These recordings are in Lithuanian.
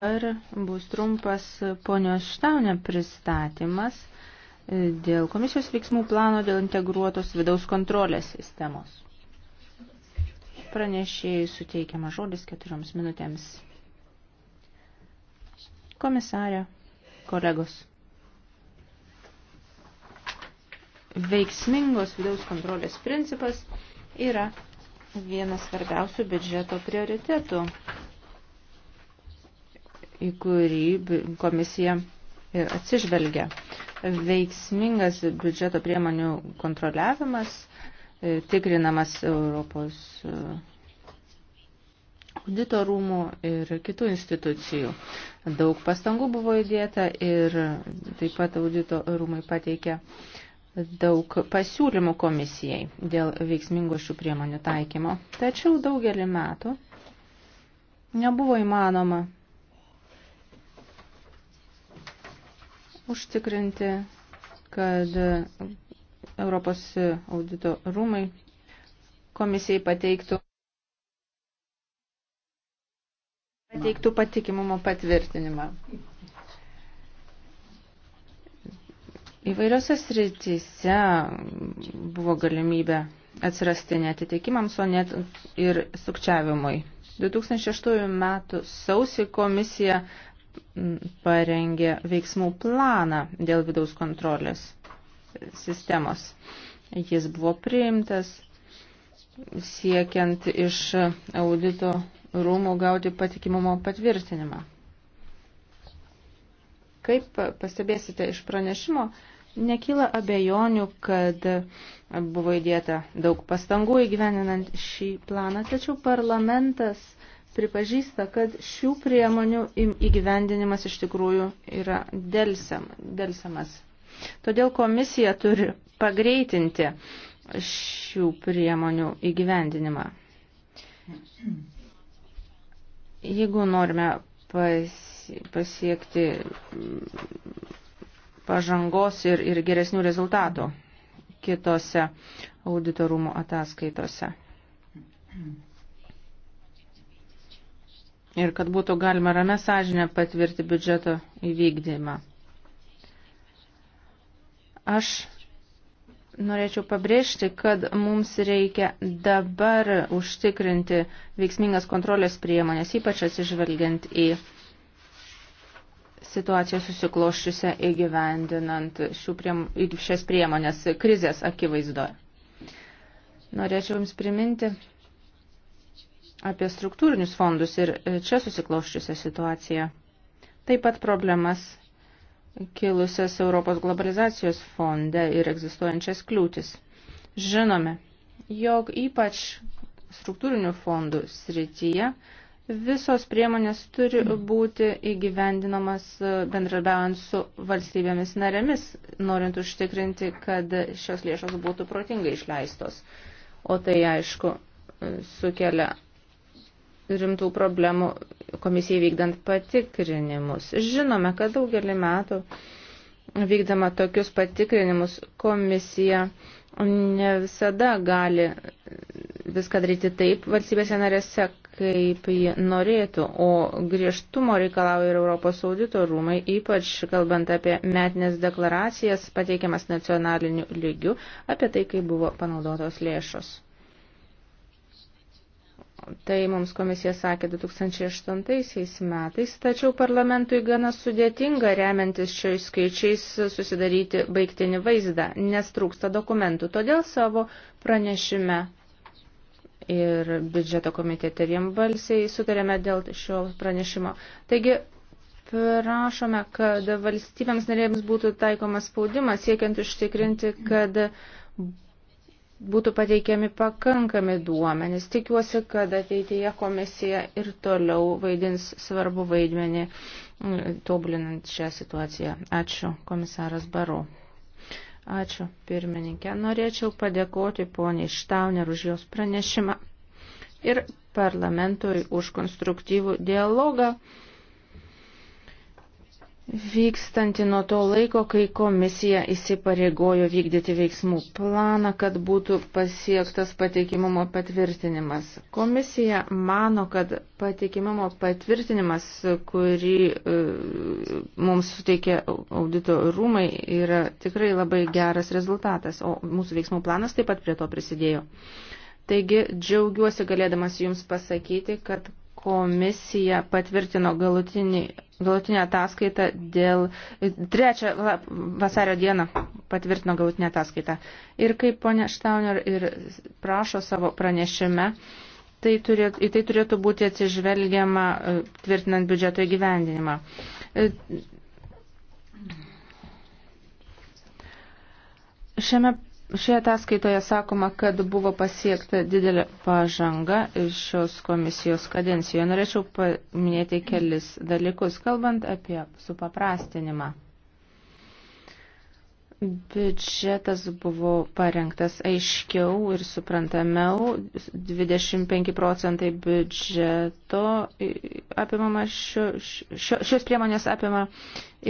Dabar bus trumpas ponios Štaunė pristatymas e, dėl komisijos veiksmų plano dėl integruotos vidaus kontrolės sistemos. Pranešėjai suteikiama žodis keturioms minutėms. Komisarė, kolegos. Veiksmingos vidaus kontrolės principas yra vienas svarbiausių biudžeto prioritetų į kurį komisija atsižvelgia. Veiksmingas biudžeto priemonių kontroliavimas, e, tikrinamas Europos e, audito rūmų ir kitų institucijų. Daug pastangų buvo įdėta ir taip pat audito rūmai pateikė daug pasiūlymų komisijai dėl veiksmingo šių priemonių taikymo. Tačiau daugelį metų nebuvo įmanoma užtikrinti, kad Europos audito rūmai komisijai pateiktų, pateiktų patikimumo patvirtinimą. Įvairiose srityse buvo galimybė atsirasti netitikimams, o net ir sukčiavimui. 2006 metų sausį komisija parengė veiksmų planą dėl vidaus kontrolės sistemos. Jis buvo priimtas siekiant iš audito rūmų gauti patikimumo patvirtinimą. Kaip pastebėsite iš pranešimo, nekyla abejonių, kad buvo įdėta daug pastangų įgyveninant šį planą, tačiau parlamentas pripažįsta, kad šių priemonių įgyvendinimas iš tikrųjų yra dėlsiamas. Todėl komisija turi pagreitinti šių priemonių įgyvendinimą. Jeigu norime pasiekti pažangos ir, ir geresnių rezultatų kitose auditorumo ataskaitose. Mm-hmm ir kad būtų galima ramę sąžinę patvirti biudžeto įvykdymą. Aš norėčiau pabrėžti, kad mums reikia dabar užtikrinti veiksmingas kontrolės priemonės, ypač atsižvelgiant į situaciją susikloščiusią įgyvendinant priem, šias priemonės krizės akivaizdoje. Norėčiau Jums priminti, apie struktūrinius fondus ir e, čia susikloščiusią situaciją. Taip pat problemas kilusias Europos globalizacijos fonde ir egzistuojančias kliūtis. Žinome, jog ypač struktūrinių fondų srityje visos priemonės turi būti įgyvendinamas e, bendradarbiaujant su valstybėmis narėmis, norint užtikrinti, kad šios lėšos būtų protingai išleistos. O tai aišku e, sukelia rimtų problemų komisijai vykdant patikrinimus. Žinome, kad daugelį metų vykdama tokius patikrinimus komisija ne visada gali viską daryti taip valstybėse narėse, kaip ji norėtų, o griežtumo reikalauja ir Europos audito rūmai, ypač kalbant apie metinės deklaracijas pateikiamas nacionaliniu lygiu, apie tai, kaip buvo panaudotos lėšos. Tai mums komisija sakė 2008 metais, tačiau parlamentui gana sudėtinga remiantis šiais skaičiais susidaryti baigtinį vaizdą, nes trūksta dokumentų. Todėl savo pranešime ir biudžeto komitete vienbalsiai sutarėme dėl šio pranešimo. Taigi, prašome, kad valstybėms narėms būtų taikomas spaudimas, siekiant užtikrinti, kad būtų pateikiami pakankami duomenys. Tikiuosi, kad ateityje komisija ir toliau vaidins svarbu vaidmenį mm, tobulinant šią situaciją. Ačiū, komisaras Baru. Ačiū, pirmininkė. Norėčiau padėkoti poniai Štauner už jos pranešimą ir parlamentui už konstruktyvų dialogą vykstanti nuo to laiko, kai komisija įsipareigojo vykdyti veiksmų planą, kad būtų pasiektas patikimumo patvirtinimas. Komisija mano, kad patikimumo patvirtinimas, kurį e, mums suteikė audito rūmai, yra tikrai labai geras rezultatas, o mūsų veiksmų planas taip pat prie to prisidėjo. Taigi džiaugiuosi galėdamas Jums pasakyti, kad komisija patvirtino galutinį galutinę ataskaitą dėl 3 vasario dieną patvirtino galutinę ataskaitą. Ir kaip ponė Štauner ir prašo savo pranešime, tai turėtų, į tai turėtų būti atsižvelgiama e, tvirtinant biudžeto įgyvendinimą. E, šiame Šioje ataskaitoje sakoma, kad buvo pasiekta didelė pažanga šios komisijos kadencijoje. Norėčiau paminėti kelis dalykus, kalbant apie supaprastinimą. Biudžetas buvo parengtas aiškiau ir suprantamiau. 25 procentai biudžeto apimama šio, šio, šios priemonės apima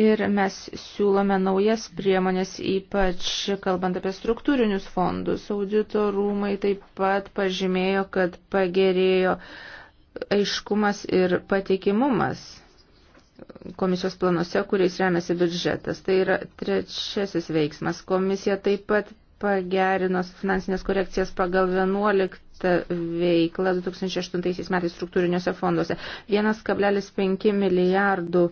ir mes siūlome naujas priemonės, ypač kalbant apie struktūrinius fondus. Audito rūmai taip pat pažymėjo, kad pagerėjo aiškumas ir patikimumas komisijos planuose, kuriais remiasi biudžetas. Tai yra trečiasis veiksmas. Komisija taip pat pagerino finansinės korekcijas pagal 11 veiklą 2008 metais struktūriniuose fonduose. 1,5 milijardų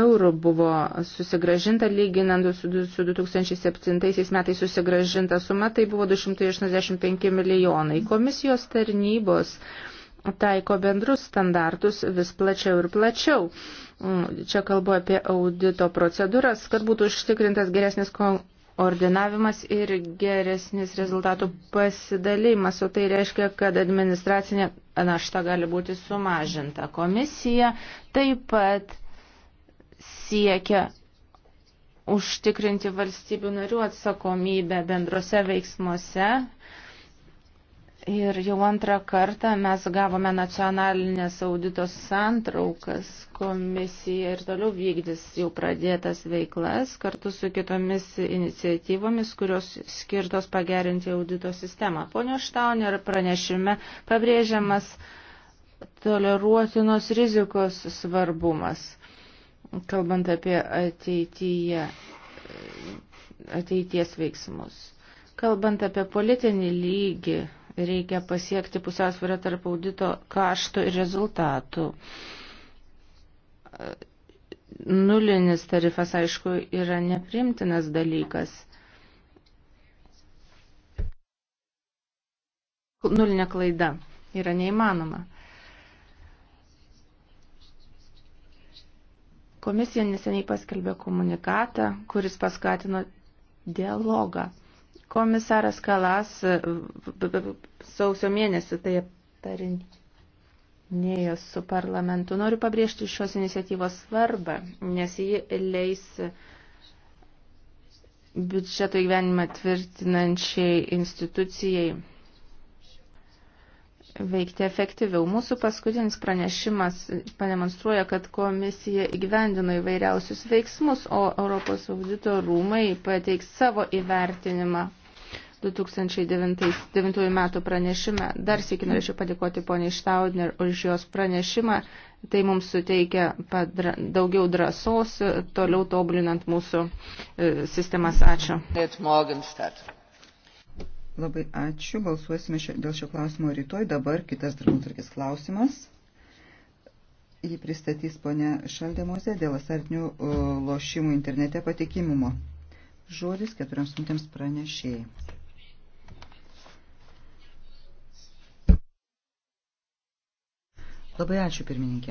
eurų buvo susigražinta, lyginant su 2007 metais susigražinta suma, tai buvo 285 milijonai. Komisijos tarnybos taiko bendrus standartus vis plačiau ir plačiau. Mm, čia kalbu apie audito procedūras, kad būtų užtikrintas geresnis koordinavimas ir geresnis rezultatų pasidalimas, o tai reiškia, kad administracinė našta gali būti sumažinta. Komisija taip pat siekia užtikrinti valstybių narių atsakomybę bendrose veiksmuose Ir jau antrą kartą mes gavome nacionalinės auditos santraukas. Komisija ir toliau vykdys jau pradėtas veiklas kartu su kitomis iniciatyvomis, kurios skirtos pagerinti audito sistemą. Pone Štauner pranešime pabrėžiamas toleruotinos rizikos svarbumas, kalbant apie ateityje, ateities veiksmus. Kalbant apie politinį lygį, reikia pasiekti pusiausvyrą tarp audito kaštų ir rezultatų. Nulinis tarifas, aišku, yra neprimtinas dalykas. Nulinė klaida yra neįmanoma. Komisija neseniai paskelbė komunikatą, kuris paskatino dialogą Komisaras Kalas e, sausio mėnesį tai aptarinėjo su parlamentu. Noriu pabrėžti šios iniciatyvos svarbą, nes ji leis biudžeto įgyvenimą tvirtinančiai institucijai veikti efektyviau. Mūsų paskutinis pranešimas pademonstruoja, kad komisija įgyvendino įvairiausius veiksmus, o Europos audito rūmai pateiks savo įvertinimą 2009 metų pranešime. Dar sėki norėčiau padėkoti poniai Štaudner už jos pranešimą. Tai mums suteikia padra, daugiau drąsos, toliau tobulinant mūsų e, sistemas. Ačiū. Labai ačiū. Balsuosime šio, dėl šio klausimo rytoj. Dabar kitas darbotvarkės klausimas. Jį pristatys ponia Šaldemozė dėl asartinių lošimų internete patikimumo. Žodis keturioms minutėms pranešėjai. Labai ačiū pirmininkė.